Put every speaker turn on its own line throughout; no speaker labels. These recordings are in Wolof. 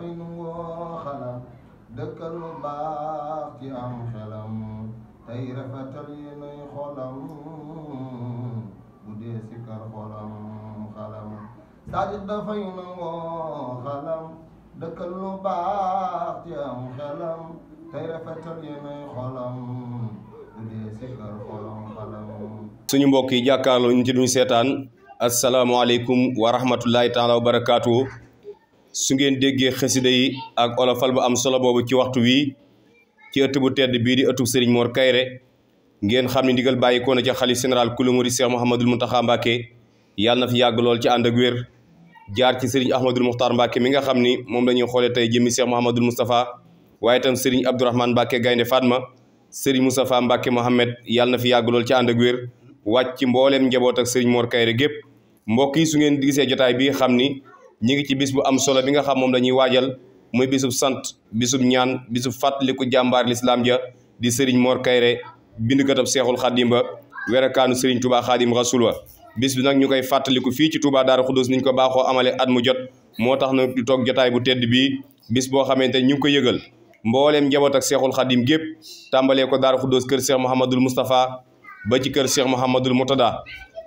dafay nu woo xalam dëkkal lu baax ci am xelam tey rafetal yi nuy xolam bu dee sikar xolam xalam saajid dafay nu woo xalam dëkkal lu baax ci am xelam tey rafetal yi nuy xolam
bu dee sikar xolam xalam suñu mbokk yi jàkkaarloo ñu ci duñ seetaan asalaamaaleykum wa rahmatullahi taala barakaatu su ngeen déggee xasida yi ak olofal bu am solo boobu ci waxtu wii ci ëtt bu tedd bii di ëttub sëriñ moor Kayre ngeen xam ni ndigal bàyyi ko na ca xalif général kulu murid Cheikh Mouhamadul Mountakha Mbacké yàlla na fi yàgg lool ci ànd wér jaar ci Serigne Ahmadul Muxtaar Mbacké mi nga xam ni moom lañuy ñuy xoolee tey jëmmi Cheikh Mouhamadul Moustapha waaye itam Serigne Abdourahmane Mbacké Gaynde Fatma Serigne Moustapha Mbacké Mohamed yàlla na fi yàgg lool ci ànd ak wér wàcc ci mbooleem njaboot ak Serigne Mor Kayre gépp mbokk yi su ngeen gisee jotaay bi xam ni ñu ngi ci bis bu am solo bi nga xam moom lañuy waajal muy bisub sant bisub ñaan bisub fàttaliku jàmbaar lislaam ja di sëriñ Mor Kayre bindkatab seexul xadim ba werekaanu sëriñ Touba xaadim rasul wa bis bi nag ñu koy fàttaliku fii ci Touba Daaru Xudus niñ ko baaxoo amale at mu jot moo tax na di toog jotaay bu tedd bii bis boo xamante ñu ngi ko yëgal mbooleem njaboot ak seexul xadim gépp tàmbalee ko Daaru Xudus kër Cheikh Mouhamadul Moustapha ba ci kër Cheikh Mouhamadul Moutada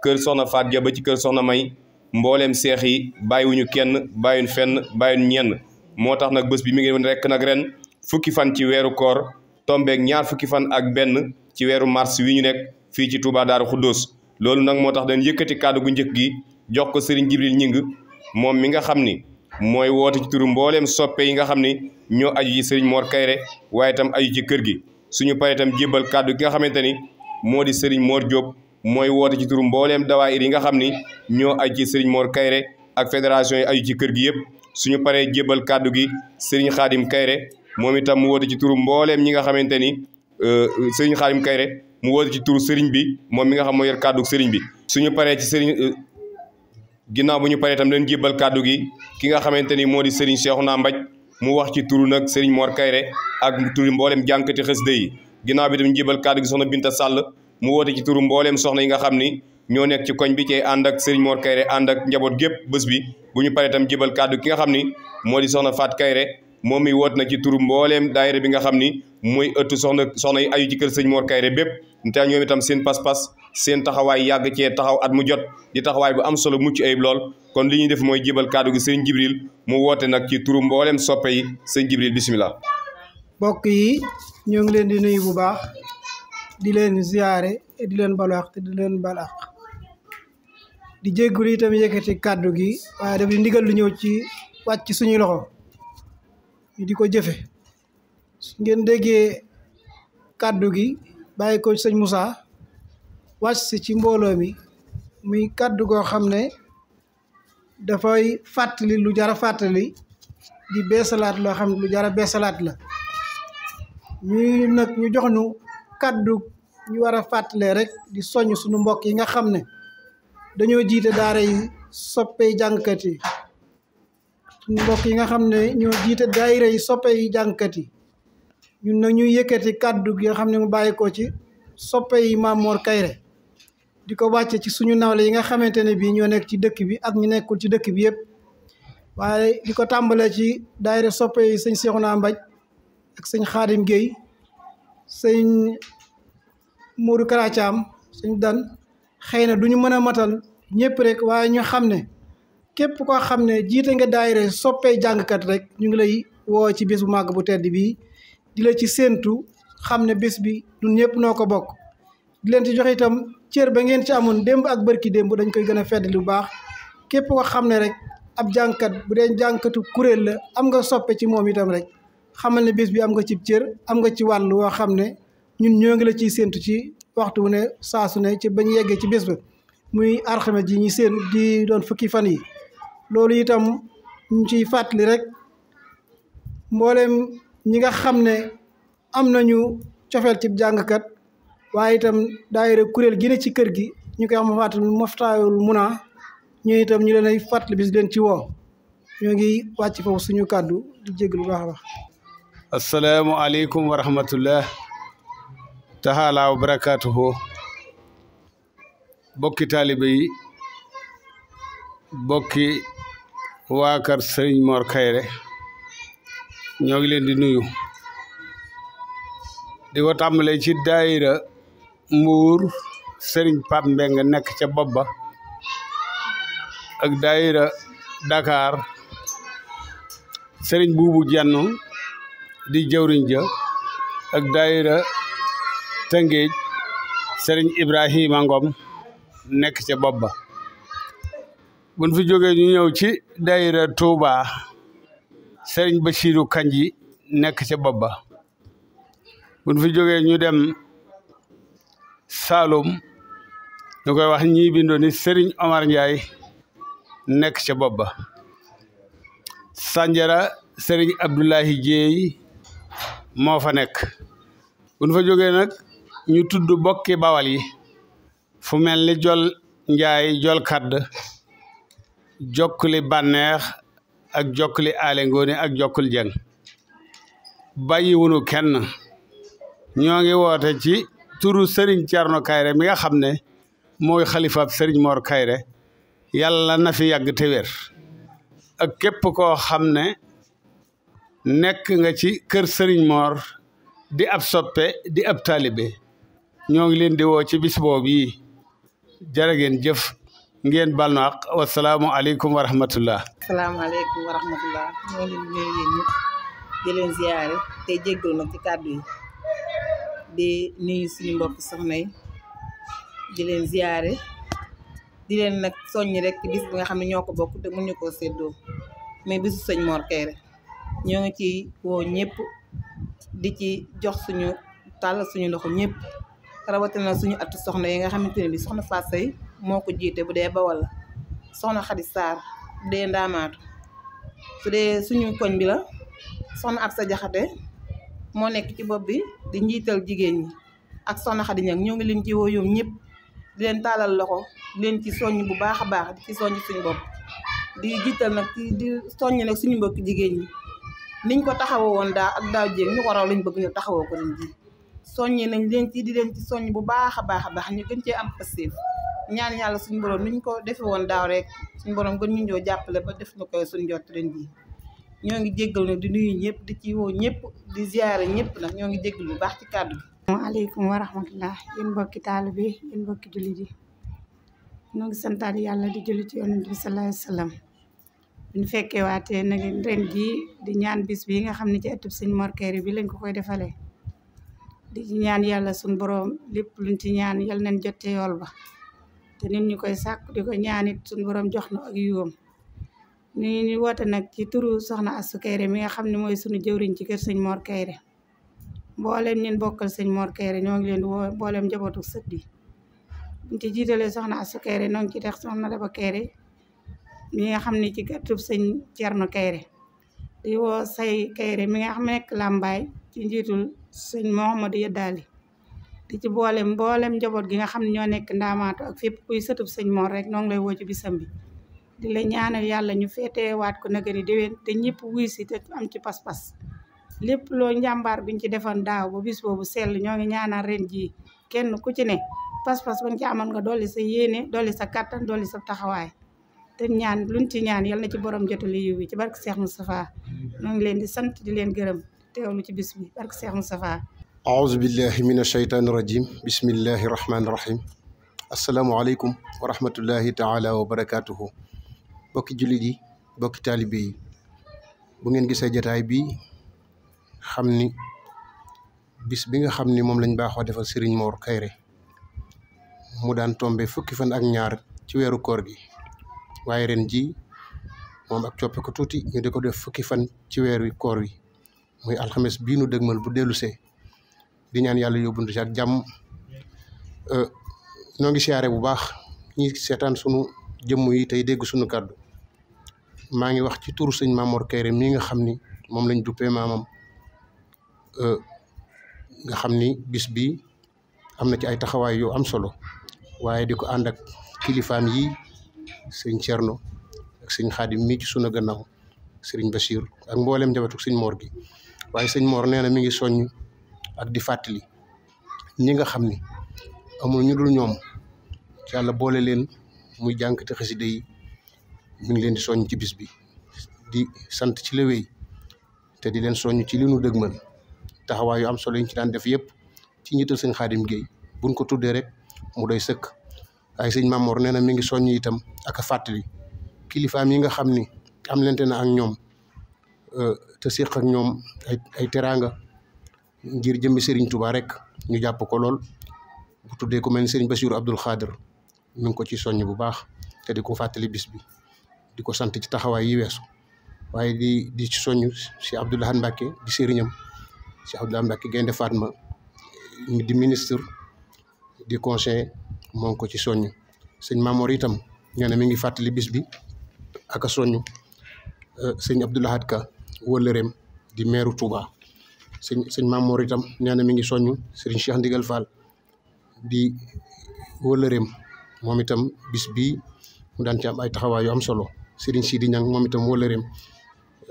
kër Soxna Faat ja ba ci kër Soxna May mbooleem seex yi bàyyiwuñu kenn bàyyiwuñ fenn bàyyiwuñ ñenn moo tax nag bés bi mi ngi rekk nag ren fukki fan ci weeru koor tombeek ñaar fukki fan ak benn ci weeru mars wi ñu nekk fii ci Touba Daaru Xuddoos loolu nag moo tax dañ yëkkati kàddu gu njëkk gi jox ko Serigne Jibril Ñing moom mi nga xam ni mooy woote ci turu mbooleem soppe yi nga xam ni ñoo aju ci Serigne Mor Kayre waaye itam aju ci kër gi suñu paree itam jébbal kàddu gi nga xamante ni moo di Serigne Mor Diop mooy woote ci turu mbooleem dawaayir yi nga xam ni ñoo aj ci sëriñ Mor Kayre ak fédération yi aju ci kër gi yëpp suñu paree jébbal kàddu gi sëriñ Xaadim Kayre moom itam mu woote ci turu mbooleem ñi nga xamante ni euh, sëriñ Xaadim Kayre mu woote ci turu sëriñ bi moom mi nga xam moo yor kàddu sëriñ bi suñu paree ci sëriñ euh, ginnaaw bu ñu paree itam leen jébbal kàddu gi ki nga xamante ni moo di sëriñ Cheikhouna Mbaj mu wax ci turu nag sëriñ moor Kayre ak turu mbooleem jànkati xasida yi ginnaaw bi tam ñu jébbal kàddu gi soxna Binta Sàll mu woote ci turu mbooleem soxna yi nga xam ni ñoo nekk ci koñ bi cee ànd ak Serigne Mor Kayre ànd njaboot gépp bés bi bu ñu paree tam jébal kàddu ki nga xam ni moo di soxna Faat Kayre moom mi woot na ci turu mbooleem daayira bi nga xam ni mooy ëttu soxna yi ayu ci kër sëñ Mor Kayre bépp te ñoom itam seen pas-pas seen taxawaay yàgg cee taxaw at mu jot di taxawaay bu am solo mucc ayib lool kon li ñuy def mooy jibal kàddu gi sëñ Jibril mu woote nag ci turu mbooleem soppe yi
leen di nuyu bu baax di leen ziyaare di leen balaax te di leen balaax di jéggul itam yëkkati kàddu gi waaye daf di ndigal lu ñëw ci wàcc ci suñuy loxo ñu di ko jëfe su ngeen déggee kàddu gi bàyyi ko sëñ Moussa wàcc si ci mbooloo mi muy kàddu goo xam ne dafay fàttali lu jar a fàttali di beesalaat loo xam lu jara a beesalaat la ñuy nag ñu jox ñu kàddu ñu war a fàttalee rek di soññ suñu mbokk yi nga xam ne dañoo jiite daara yi soppey jàngkat yi suñu yi nga xam ne ñoo jiite daayira yi soppey jàngkat yi ñun nag ñuy yëkkati kàddu gi nga xam ne mu bàyyi ci soppey Mame Mor kayre di ko wàcce ci suñu nawle yi nga xamante ne bii ñoo nekk ci dëkk bi ak ñu nekkul ci dëkk bi yëpp waaye di ko tàmbalee ci daayira soppey sëñ Seexuna Mbaj ak sëñ Xaadim Géey sëñ Modou Kara Thiam suñu dan xëy na du ñu mën a matal ñëpp rek waaye ñu xam ne képp koo xam ne jiite nga daayira soppee jàngkat rek ñu ngi lay woo ci bis bu màgg bu tedd bii di la ci séentu xam ne bis bi ñun ñëpp noo ko bokk di leen ci jox itam cër ba ngeen ci amoon démb ak bërki démb dañ koy gën a fedd lu baax képp koo xam ne rek ab jàngkat bu dee jàngkatu kuréel la am nga soppe ci moom itam rek xamal ne bis bi am nga cib cër am nga ci wàll woo xam ne ñun ñoo ngi la ciy séentu ci waxtu wu ne saa su ne ci bañ yeggee ci bés ba muy arxame ji ñi séen di doon fukki fan yi loolu itam ñu ciy fàttali rek mbooleem ñi nga xam ne am nañu cofeel ci jàngkat waaye itam daayira kuréel gi ci kër gi ñu koy xam fàttali moftaayul munaa ñu itam ñu leen ay fàttali bis leen ci woo ñoo ngi wàcc foofu suñu kàddu di jégalu baax a baax
asalaamaaleykum wa taala wa barakaatuhu bokki taalibe yi bokki waa kër Mor Kairé ñoo leen di nuyu di ko tàmbalee ci daayira Mbuur sëriñ Pape Mbengue nekk ca bopp ba ak daayira Dakar Serigne Buubu Jannu di jëwriñ ja ak dayra Tëngéej sëriñ Ibrahima Ngom nekk ca bopp ba buñ fi jógee ñu ñëw ci daayira Touba sëriñ Bachiru Kanji nekk ca bopp ba buñ fi jógee ñu dem Saalum ñu koy wax ñii bindoo ni sëriñ Omar Ndiaye nekk ca bopp ba Sanjara sëriñ Abdoulahi Jéey moo fa nekk fa jógee ñu tudd bokki bawal yi fu mel ni jol njaay jol kadd jokkuli bànneex ak jokkuli aale ngoone ak jokkul jeng bàyyi wunu kenn ñoo ngi woote ci turu Serigne Thierno Kayre mi nga xam ne mooy xalifaab Serigne Mor Kayre yàlla na fi yàgg ak képp koo xam ne nekk nga ci kër Serigne Mor di ab soppe di ab taalibe ñoo ngi leen di woo ci bis boobu yi jërë jëf ngeen bal ak wa rahmatullah.
salaamaaleykum wa rahmatullah ñoo ngi nuyu yéen te jéggal nag ci kàddu yi di nuyu suñu soxna yi di leen ziare di leen nag soññ rek ci bis nga xam ne ñoo ko bokk te mënuñu koo séddoo mais bisu sëñ Mor Kayré ñoo ngi ci woo ñëpp di ci jox suñu tàll suñu loxo ñëpp. rawatina suñu at soxna yi nga xamante ne bi soxna Fatou Seye moo ko jiite bu dee bawal la soxna xadi Sarr bu dee Ndaamaatu suñu koñ bi la soxna Absa Jaxate moo nekk ci bopp bi di njiital jigéen ñi ak soxna Khady Niang ñoo ngi leen ci woo yoom ñëpp di leen taalal loxo di leen ci soñ bu baax a baax di ci soññ suñu bopp di jiital nag di soññ nag suñu mbokk jigéen ñi niñ ko taxawoo woon daaw ak daaw jéeg ñu ko raw lañ bëgg ñu taxawoo ko leen ji soññee nañ leen ci di leen ci soññ bu baax a baax a baax ñu gën cee am passif ñaan yàlla suñu borom ni ñu ko defee woon daaw rek suñu borom gën ñu ñoo jàppale ba def na koy suñ jot ren jii ñoo ngi jéggal nag di nuyu ñëpp di ci woo ñëpp di ziare ñëpp nag ñoo ngi jéggal bu baax ci kàddu gi.
asalaamaaleykum wa rahmatullah yéen mbokki taalibe yéen mbokki jullit yi ñoo ngi santaat yàlla di julli ci yonent bi sallallahu alayhi wa fekkee waatee nag ren di ñaan bis bii nga xam ne ci ëttub sëñ Mor Kayré bi lañ ko koy defalee. di ci ñaan yàlla suñ boroom lépp luñ ci ñaan yal nañ jot ci ba te nit ñu koy sàkk di ko ñaanit suñ boroom jox na ak yiwam ni ñu woote nag ci turu soxna Astou Kairé mi nga xam ne mooy suñu jëwriñ ci kër sëñ Mor Kairé mbooleem ñun bokkal sëñ Mor Kairé ñoo ngi leen di woo mbooleem njabootu sët bi buñ ci jiitalee soxna Astou Kairé noo ngi ci def soxna Daba Kairé mi nga xam ne ci gàttub sëñ Thierno Kairé ci njiitu sëñ Mouhamadou Yadaali di ci boolem mboolem njaboot gi nga xam ne ñoo nekk ndaamaatu ak fépp kuy sëtub sëñ Mor rek noo ngi lay woo ci bisam bi di la ñaanal yàlla ñu feeteewaat ko nagani déwén te ñëpp wuy si te am ci pas lépp loo njàmbaar biñ ci defoon daaw ba bis boobu sell ñoo ngi ñaanal reen jii kenn ku ci ne pas-pas ba nga ci amoon nga dolli sa yéene dolli sa kattan yi sa taxawaay te ñaan luñ ci ñaan yal na ci borom jotali yiw yi ci barke Cheikh Moustapha ñoo ngi leen di sant di leen gërëm teewlu ci bis bi barke Cheikh Moustapha
aouzu billahi min asheytaani rajim bismillahi rahmaani rahim asalaamualeykum wa rahmatullahi taala wa barakatuhu bokki jullit yi bokki yi bu ngeen gisee jataay bi xam ni bis bi nga xam ni moom lañ baaxoo defal Serigne Mor Kairé mu daan tombe fukki fan ak ñaar ci weeru koor gi waaye ren ji moom ak coppe ko tuuti ñu di ko def fukki fan ci weeru koor wi muy alxames bii nu mal bu dellusee di ñaan yàlla yóbbu ci ak jàmm euh, noo ngi siyaare bu baax ñi seetaan sunu jëmm yi tey dégg sunu kàddu maa ngi wax ci turu sëñ Mamor Kayre mii nga xam ni moom lañ duppee maamam euh, nga xam ni bis bi am na ci ay taxawaay yu am solo waaye di ko ànd ak kilifaam yi sëñ Cerno ak sëñ Xaadim mi ci sunu gannaaw sëriñ Bachir ak mboolem njabootu sëñ Mor gi waaye sëñ moor nee na mi ngi soññ ak di fàttali ñi nga xam ni amul ñu dul ñoom yàlla boole leen muy jànkati xasida yi mi ngi leen di soñ ci bis bi di sant ci la te di leen soñ ci li nu dëgmal taxawaay yu am solo yi daan def yëpp ci njiital sëñ Xaadim Géey buñ ko tuddee rek mu doy sëkk waaye sëñ Mamoor nee na mi ngi soññ itam ak a fàttali kilifaam yi nga xam ni am lente na ak ñoom Euh, te seq ak ñoom ay teraanga ngir jëmbi sëriñ Touba rek ñu jàpp ko lool bu tuddee ku mel ni Serigne Bassirou Abdoul Khader ñu ngi ko ci soññ bu baax te di ko fàttali bis bi di ko sant ci taxawaay yi weesu waaye di di ci soññ si Abdou Lahad Mbacké di sëriñam si Abdou di ministre di conseiller moo ngi ko ci soññ sëñ Mamor itam ñoo ne mi ngi fàttali bis bi ak a soññ euh, Ka wëllëreem di meeru Touba sëñ sëñ Mamour itam nee na mi ngi soññ sëriñ Cheikh Ndigal Fall di wëllëreem moom itam bis bii mu daan ci am ay taxawaay yu am solo sëriñ Sidi Ñang moom itam wëllëreem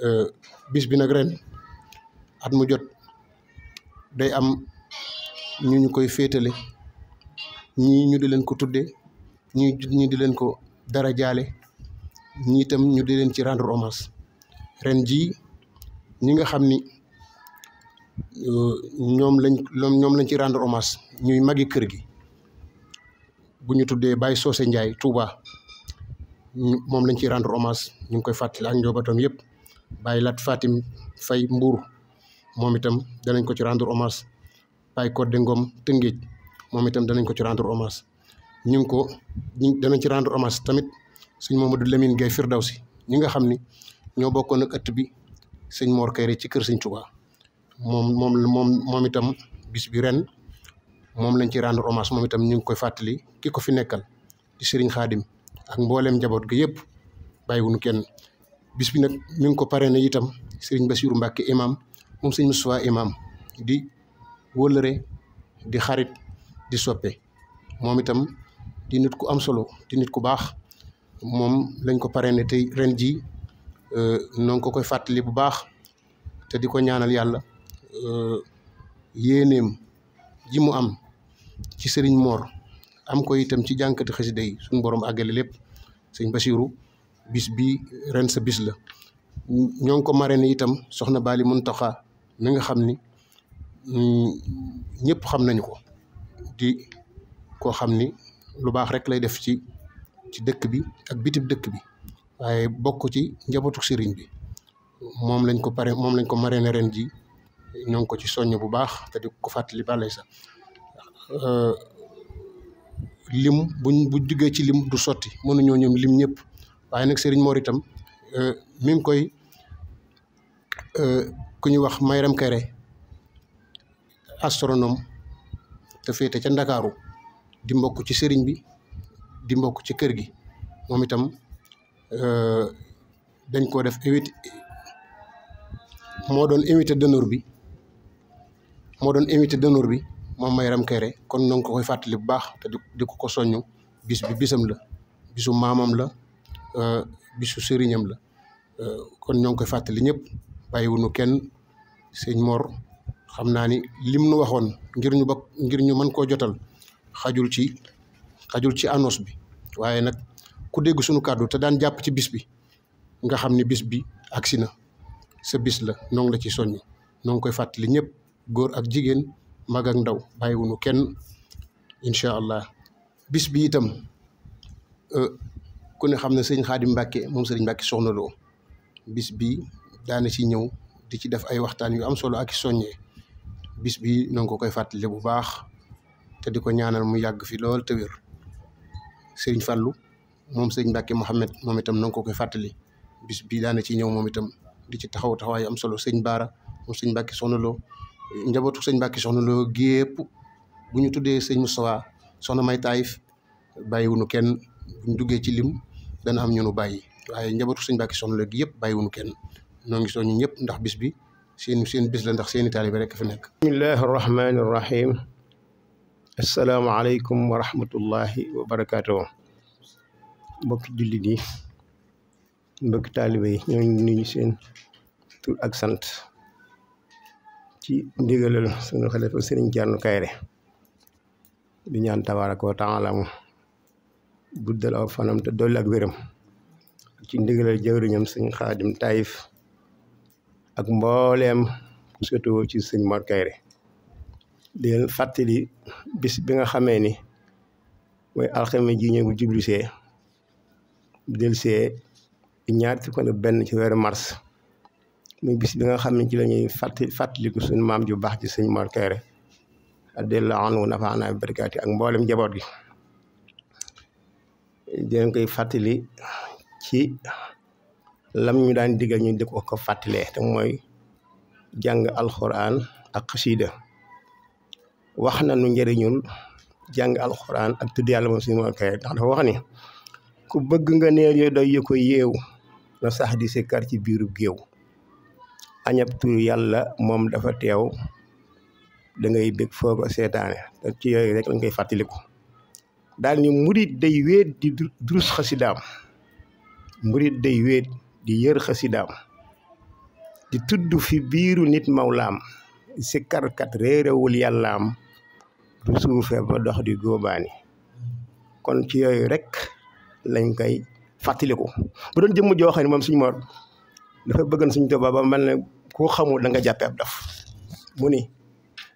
euh, bis bi nag ren at mu jot day am ñu ñu koy féetale ñii ñu di leen ko tudde ñii ñu di leen ko dara jaale ñii itam ñu di leen ci rendre hommage ren jii ñi nga xam ni euh, ñoom lañ ñoom lañ ci rendre hommage ñuy magi kër gi bu ñu tuddee Baye soose Ndiaye Touba moom lañ ci rendre hommage ñu ngi koy fàttali ak njabootam yëpp Baye Lat Fatim Faye Mbour moom itam danañ ko ci rendre hommage Baye Codé Ngom Tëngéej moom itam danañ ko ci rendre hommage ñu ngi ko danañ ci rendre hommage tamit suñ Mamadou Lamine Gueye Firdawsi ñi nga xam ni ñoo bokkoon ak ëtt bi sëñ moor Kayré ci kër sëñ Touba moom moom moom moom itam bis bi ren moom lañ ci rendre hommage moom itam ñu ngi koy fàttali ki ko fi nekkal di sëriñ Xaadim ak mbooleem njaboot gi yëpp bàyyiwuñu kenn bis bi nag mi ngi ko parrainé itam sëriñ Bassirou Mbacke imam moom sëñ Moustapha imam di wëlëre di xarit di soppe moom itam di nit ku am solo di nit ku baax moom lañ ko parrainé te ren ji Euh, noo ngi ko koy fàttali bu baax te di ko ñaanal yàlla euh, yéeneem ji mu am ci sëriñ Mor am ko itam ci jànkati xasida yi suñu borom àggale lépp sëñ Basiru bis bi ren sa bis la. ñoo ngi ko marraine itam soxna Bali Muntaxa mi nga xam ni ñëpp xam nañu ko di koo xam ni lu baax rek lay def ci ci dëkk bi ak bitib dëkk bi. waaye bokk ci njabootu sëriñ bi moom lañ ko pare moom lañ ko marraine ren ji ñoo ko ci soññ bu baax te di ko fàttali balay sax euh, lim buñ bu duggee ci lim du sotti mënuñoo ñoom lim ñëpp waaye nag sëriñ Mor itam euh, mi koy euh, ku ñu wax Mayram Kéré astronome te féete ca Ndakaaru di mbokk ci sëriñ bi di mbokk ci kër gi moom itam Euh, dañ ko def invité moo doon invité d'honneur bi moo doon invité d'honneur bi moom may Ram Kairé kon na nga koy fàttali bu baax te di ko ko soññu bis bi bisam la bisu maamam la euh, bisu sëriñam la euh, kon ñoo ngi koy fàttali ñëpp bàyyiwuñu kenn sëñ Mor xam naa ni lim nu waxoon ngir ñu ba ngir ñu mën koo jotal xajul ci xajul ci annonce bi waaye nag ku dégg sunu kàddu te daan jàpp ci bis bi nga xam ne bis bi si na sa bis la noo la ci soññi noo ngi koy fàttali ñëpp góor ak jigéen mag ak ndaw bàyyiwunu kenn incha allah bis bi itam euh, ku ne xam ne sëñ Xaadim Mbàkke moom sëriñ Mbàkke soxna loo bis bi daana ci ñëw di ci def ay waxtaan yu am solo ak i soññee bis bi noo ngi ko koy fàttali bu baax te di ko ñaanal mu yàgg fi lool te wér sëriñ Fàllu moom sëñ Mbacke Mouhamed moom itam na nga ko koy fàttali bis bii daana ci ñëw moom itam di ci taxaw taxawaay am solo sëñ Baara moom sëñ Mbacke soxna loo njabootu sëñ Mbacke soxna Lo gépp bu ñu tuddee sëñ Moustapha soxna May Taïf bàyyiwunu kenn duggee ci lim dana am ñu nu bàyyi waaye njabootu sëñ Mbacke soxna Lo yëpp bàyyiwunu kenn ñoo ngi soñu ñëpp ndax bis bi seen seen bis la ndax seeni taalibe rek fi nekk.
bismillahi rahmaani rahim asalaamaaleykum wa rahmatullahi wa barakaatu. mbokki jullit yi mbokki taalibe yi ñoo ngi seen tur ak sant ci ndigalal sunu xalifa sëriñ Jannu Kayre di ñaan tabaaraka wa taala mu guddal aw fanam te dolli ak wéram ci ndigalal jawriñam sëñ Xaadim Taïf ak mbooleem surtout ci sëñ Mor Kayre di leen fàttali bis bi nga xamee ni mooy alxames ji ñu jublisee delsee ñaar ci kon benn ci weeru mars muy bis bi nga xam ne ci lañuy ñuy fàtti fàttaliku maam ju baax ci sëñ Mor Kayre radiyallaahu anhu nafaanaa bi barakaati ak mboolem njaboot gi dinañ koy fàttali ci lam ñu daan diggal ñu di ko ko fàttalee te mooy jàng alxuraan ak xasiida wax na nu njëriñul jàng alxuraan ak tudd yàlla moom suñu Mor Kayre dafa wax ni ku bëgg nga neel yooyu doy yu yeew na sax di sikkar ci biiru géew añab tur yàlla moom dafa teew dangay ngay bég foo ko ci yooyu rek lañ koy fàttaliku daal ni murit day wéet di durus xasidaam murit day wéet di yër xasidaam di tudd fi biiru nit mawlaam sikkarkat réerewul yàllaam du suufee ba dox di góobaani kon ci yooyu rek lañ koy fàttaliku bu doon jëmm joo xam ne moom suñu mor dafa bëggoon suñ Tuubaa ba man ne ku xamul da nga jàppee ab dof mu ni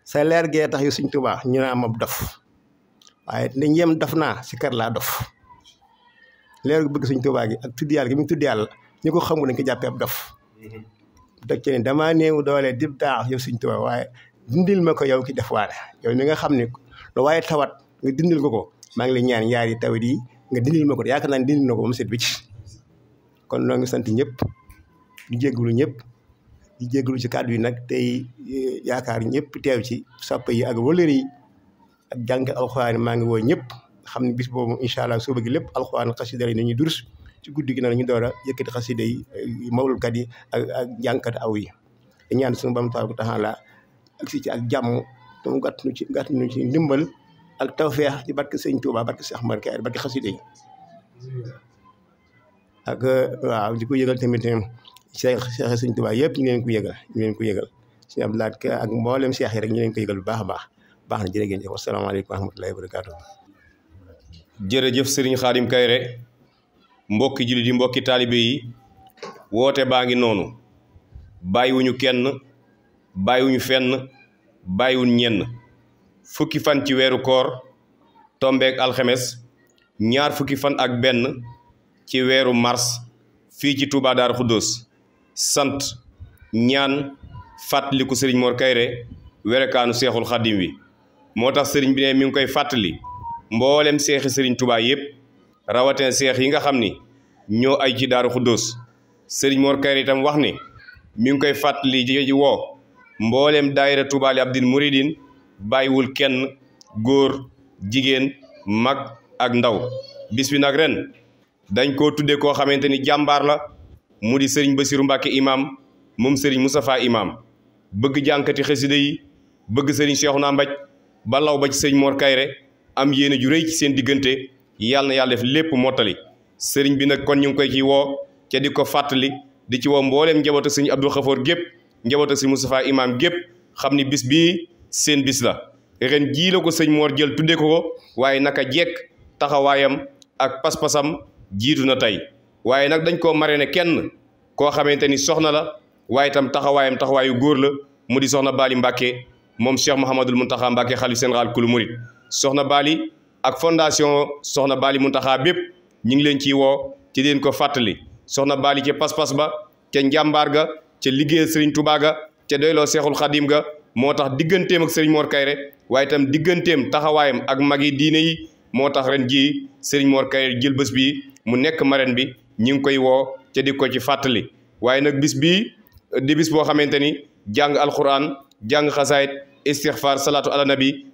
sa leer gee tax yu suñ Tuubaa ñu ne am ab waaye dañ yem dof naa si kër laa dof leer bëgg suñ Tuubaa gi ak tudd gi mu tudd yàlla ñu ko xamul dañ ko jàppee ab dof mm-hmm. teg ci ne doole dib daax yow suñ Tuubaa waaye dindil ma ko yow ki def waane yow mi nga xam ne lu waaye tawat nga dindil ko ko maa ngi lay ñaan ñaari tawit yi nga dindil ma ko yaakaar naa ne dindil na ko ba mu set wicc kon noo ngi sant ñëpp di jégalu ñëpp di ci kàddu yi nag tey eh, yaakaar ñëpp teew ci sàpp yi ak wëlër yi ak jàng alxuraan maa ngi woo ñëpp xam ne bis boobu incha allah suba gi lépp alxuraan xasida yi nañu durs ci guddi gi na ñu door a yëkkati xasida yi eh, mawlulkat yi ak ak jàngkat aw yi ñaan suñu bam taala ak si ci ak jàmm mu gàtt ci gàtt nu ci ndimbal ak tawféex ci barke sëñ Touba barke Cheikh Mbarké barke xasida yi ak waaw di ko yëgal tamit Cheikh Cheikh yëpp ñu leen ko yëgal ñu leen ko yëgal sëñ Abdou Lahad Ka ak mboolem Cheikh yi rek ñu leen ko yëgal bu baax baax
baax na jërëjëf jëf wasalaamaaleykum wa rahmatulahi wa barakaatu sëriñ Xaadim Kayre mbokki jullit yi mbokki taalibe yi woote baa ngi noonu bàyyiwuñu kenn bàyyiwuñu fenn bàyyiwuñ ñenn fukki fan ci weeru koor tombeek alxemes ñaar fukki fan ak benn ci weeru mars fii ci Touba Darou Khoudoss sant ñaan fàttaliku sëriñ moor Kayre werekaanu seexul xaddim wi moo tax sëriñ bi ne mi ngi koy fàttali mboolem seexi sëriñ Touba yëpp rawatina seex yi nga xam ni ñoo ay ci Darou Khoudoss sëriñ moor Kayre itam wax ni mi ngi koy fàttali ji woo mboolem daayira Touba li abdin muridin bàyyiwul kenn góor jigéen mag ak ndaw bis bi nag ren dañ koo tuddee koo xamante ni jàmbaar la mu di sëriñ Basiru Mbàkke imaam moom sëriñ Moustapha imaam bëgg jànkati xasida yi bëgg sëriñ naa Mbaj ba law ba ci sëriñ Mor Kayre am yéene ju rëy ci seen diggante yàlla na yàlla def lépp mottali sëriñ bi nag kon ñu ngi koy ci woo ca di ko fàttali di ci woo mbooleem njabootu sëriñ Abdou Khafour gépp njabootu si Moustapha imaam gépp xam ni bis bii seen bis la ren jii ko sëñ Mor jël tuddee ko ko waaye naka jekk taxawaayam ak pas-pasam jiitu na tey waaye nag dañ koo mare ne kenn koo xamante ni soxna la waaye itam taxawaayam taxawaayu góor la mu di soxna Bali Mbacke moom Cheikh Mouhamadul Mountakha Mbacke xalif général kulu murit soxna baali ak fondation soxna Bali Mountakha bépp ñu ngi leen ciy woo ci leen ko fàttali soxna Bali ca pas-pas ba ca njàmbaar ga ca liggéeyal Serigne Touba ga ca doyloo Seexul moo tax digganteem ak Serigne Mor Kayre waaye itam digganteem taxawaayam ak mag yi diine yi moo tax ren jii Serigne Mor Kayre jël bi mu nekk marraine bi ñi ngi koy woo ca di ko ci fàttali waaye nag bis bi di bis boo xamante ni jàng alquran jàng xasaayit istixfar salaatu ala nabi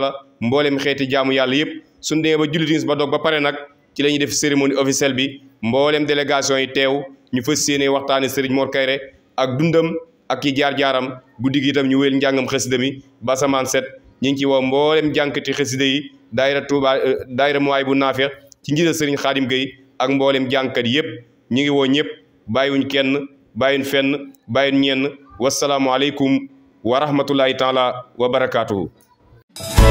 la mboolem xeeti jaamu yàlla yëpp su demee ba julli timis ba doog ba pare nag ci la ñuy def cérémonie officielle bi mboolem délégation yi teew ñu fas yéene waxtaane Serigne Mor Kayre ak dundam ak ki jaar-jaaram guddi gi itam ñu wéyal njàngam xasida mi ba samaan set ñu ngi ci woo mboolem jànkati xasida yi daayira Touba euh, daayira Mouwaay bu Naafeex ci njiital Serigne Khadim Gueye ak mboolem jànkat yëpp ñu ngi woo ñëpp bàyyiwuñ kenn bàyyiwuñ fenn bàyyiwuñ ñenn wasalaamualeykum wa rahmatullahi taala wa